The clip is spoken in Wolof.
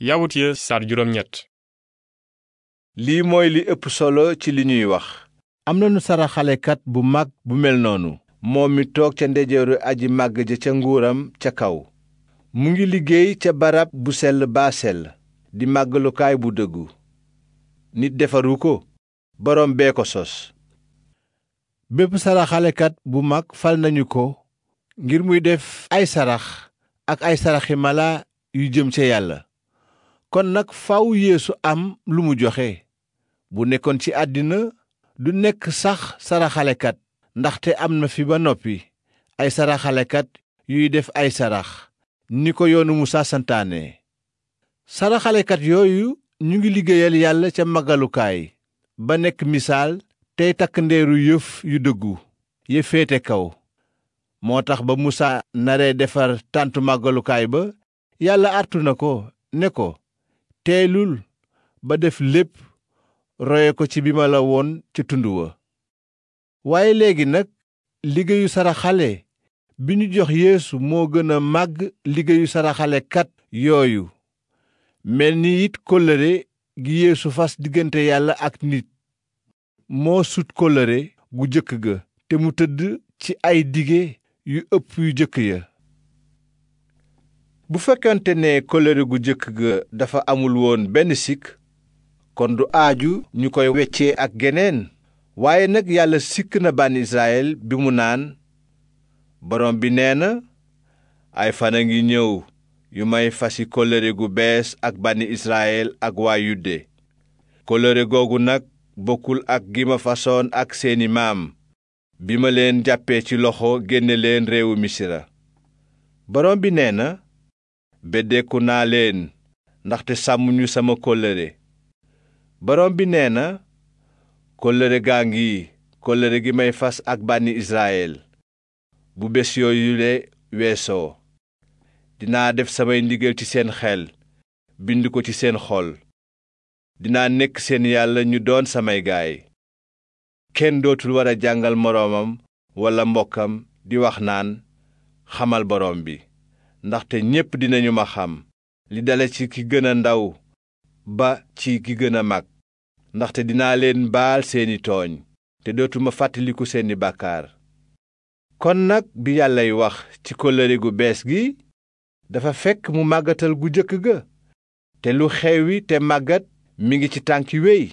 yawut ya sar lii mooy li ëpp solo ci li ñuy wax am nanu saraxalekat bu mag bu mel noonu moom mi toog ca ndejeeru aji màgg ja ca nguuram ca kaw mu ngi liggéey ca barab bu sell baa sell di màggalukaay bu dëggu nit defaru ko boroom bee ko sos bépp saraxalekat bu mag fal nañu ko ngir muy def ay sarax ak ay saraxi malaa yu jëm ca yàlla kon nag faw yéesu am lu mu joxe bu nekkoon ci àddina du nekk sax saraxalekat ndaxte am na fi ba noppi ay saraxalekat yuy def ay sarax ni ko yoonu musaa santaane saraxalekat yooyu ñu ngi liggéeyal yàlla ca magalukaay ba nekk misaal tey takk ndeeru yëf yu dëggu ya féete kaw moo tax ba musaa naree defar tàntu màggalukaay ba yàlla artu na ko ne ko teelul ba def lépp roye ko ci bi ma la woon ca tund wa waaye léegi nag liggéeyu saraxale bi ñu jox yeesu moo gën a màgg liggéeyu saraxale kat yooyu mel ni it kóllëre gi yeesu fas diggante yàlla ak nit moo sut kóllëre gu jëkk ga te mu tëdd ci ay dige yu ëpp yu jëkk ya bu fekkente ne kóllëre gu jëkk ga dafa amul woon benn sikk kon du aaju ñu koy wecce ak geneen waaye nag yàlla sikk na bànn Israël bi mu naan borom bi nee na ay fan a ngi ñëw yu may fasi kóllëre gu bees ak bànni Israël ak waa Yude kóllëre googu nag bokkul ak gi ma fasoon ak seeni maam bi ma leen jàppee ci loxo génne leen réewu misira borom bi nee na beddeeku naa leen ndaxte sàmmuñu sama kóllëre borom bi nee na kóllëre gaa ngi kóllëre gi may fas ak bànni Israyel bu bés yooyule weesoo dinaa def samay ndigal ci seen xel bind ko ci seen xol dinaa nekk seen yàlla ñu doon samay gaay kenn dootul war a jàngal moroomam walla mbokkam di wax naan xamal borom bi ndaxte ñépp dinañu ma xam li dala ci ki gën ndaw ba ci ki gën a mag ndaxte dinaa leen baal seeni tooñ te dootuma fàttaliku seeni bàkkaar kon nag bi yàllay wax ci kóllëre gu bees gi dafa fekk mu màggatal gu jëkk ga te lu xewwi te màggat mi ngi ci tànki wey